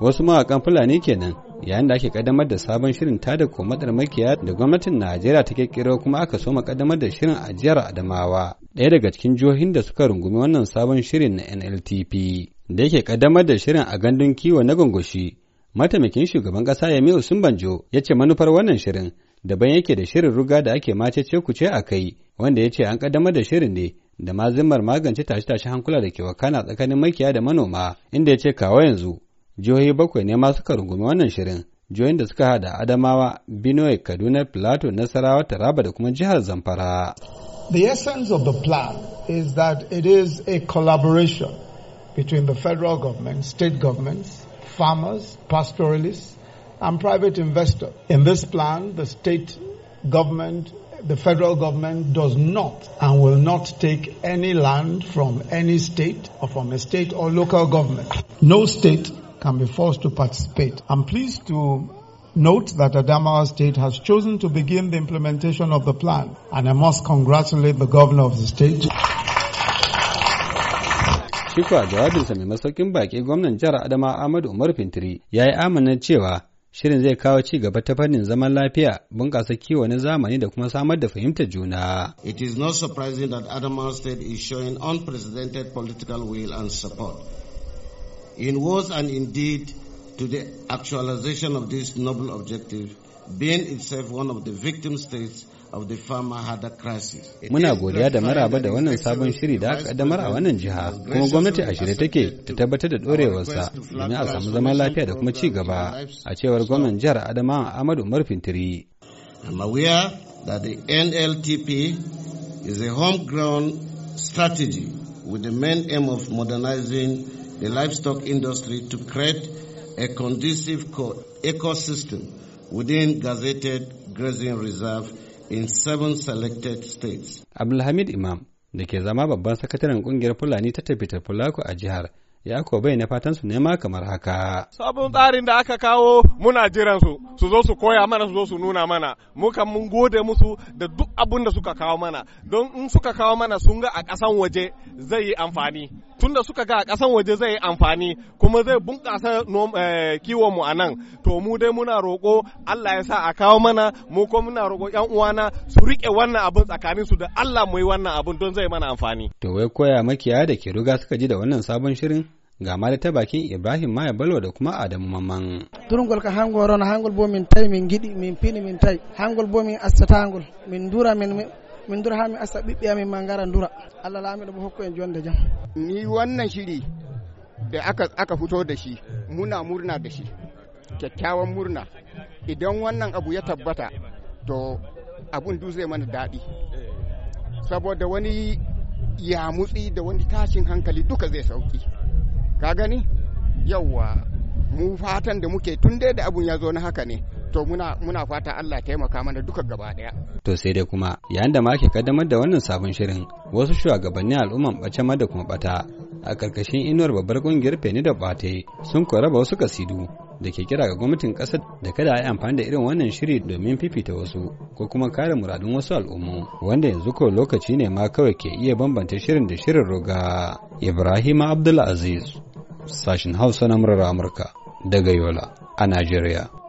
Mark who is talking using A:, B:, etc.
A: wasu mawakan fulani kenan yayin da ake kaddamar da sabon shirin tada komatar makiya da gwamnatin najeriya ta kirkiro kuma aka soma kaddamar da shirin ajiyar adamawa ɗaya daga cikin jihohin da suka rungumi wannan sabon shirin na nltp da yake kaddamar da shirin a gandun kiwo na gungushi mataimakin shugaban ƙasa yami usman banjo ya ce manufar wannan shirin daban yake da shirin ruga da ake mace ce kuce a kai wanda ya ce an kaddamar da shirin ne da ma magance tashe-tashe hankula da ke wakana tsakanin makiya da manoma inda ya ce kawo yanzu jihohi bakwai ne masu karungumi wannan shirin jihohin da suka hada adamawa benue kaduna Pilato, nasarawa taraba da kuma jihar zamfara
B: the essence of the plan is that it is a collaboration between the federal government state governments farmers pastoralists and private investors in this plan the state government the federal government does not and will not take any land from any state or from a state or local government. No state can be forced to participate. I'm pleased to Note that Adamawa State has chosen to begin the implementation of the plan, and I must congratulate the governor of the state.
A: Shi kuwa jawabinsa mai masaukin baki gwamnan jihar Adama Ahmadu Umar Fintiri ya yi amanar cewa shirin zai kawo ci gaba ta fannin zaman lafiya, bunƙasa kiwo na
C: zamani da kuma samar da fahimtar juna. It is not surprising that adama State is showing unprecedented political will and support in words and in deed to the actualization of this noble objective, being itself one of the victim states of the farmer had a crisis. Muna godiya da maraba da
A: wannan sabon shiri da aka damar a wannan jiha kuma gwamnati a shirye take ta tabbatar da ɗorewarsa
C: domin a samu
A: zaman lafiya da
C: kuma ci gaba a cewar gwamnan jihar Adamawa Ahmadu Umar Fintiri. I'm aware that the NLTP is a home ground strategy with the main aim of modernizing the livestock industry to create a conducive ecosystem within gazetted grazing reserve in seven selected states. Abdulhamid Imam
A: da ke zama babban sakataren kungiyar Fulani ta tafi Fulako a jihar ya ko bai na fatan su nema kamar haka. Sabon tsarin da aka kawo muna jiran su su zo su koya mana su zo su nuna mana mu kan mun gode musu da duk abun da suka kawo mana don in suka kawo mana sun ga a kasan waje zai yi amfani tunda suka ga a ƙasan waje zai amfani kuma zai bunƙasa eh, kiwon mu a nan to mu dai muna roƙo Allah ya sa a kawo mana mu ko muna roƙo ƴan uwana su riƙe wannan abin tsakanin su da Allah mu yi wannan abin don zai mana amfani to wai koya makiya da ke ruga suka ji da wannan sabon shirin ga mali ta bakin ibrahim maya balwa da kuma adamu
C: mamman durgol ka hangol na hangol bo min tawi min gidi min pini min hangol bo min astata hangol min dura min min dura hami asa ɓiɓɓe amin ma garan dura allah ɗo mo hokku en jonde jam ni wannan shiri da aka aka fito da shi muna murna da shi kyakkyawan murna idan wannan abu ya tabbata to abun du zai mana daɗi saboda wani yamutsi da wani tashin hankali duka zai sauki ka gani yawwa mu fatan da muke tun dai da abun ya zo na haka ne to muna muna fata Allah taimaka mana duka gaba daya
A: to sai dai kuma yayin da ma ke kaddamar da wannan sabon shirin wasu shugabannin al'umman bace ma da kuma bata a karkashin inuwar babbar kungiyar feni da bate sun ba wasu kasidu da ke kira ga gwamnatin ƙasar da kada a yi amfani da irin wannan shiri domin fifita wasu ko kuma kare muradun wasu al'ummu wanda yanzu ko lokaci ne ma kawai ke iya bambanta shirin da shirin roga ibrahim abdulaziz sashin hausa na murar amurka daga yola a najeriya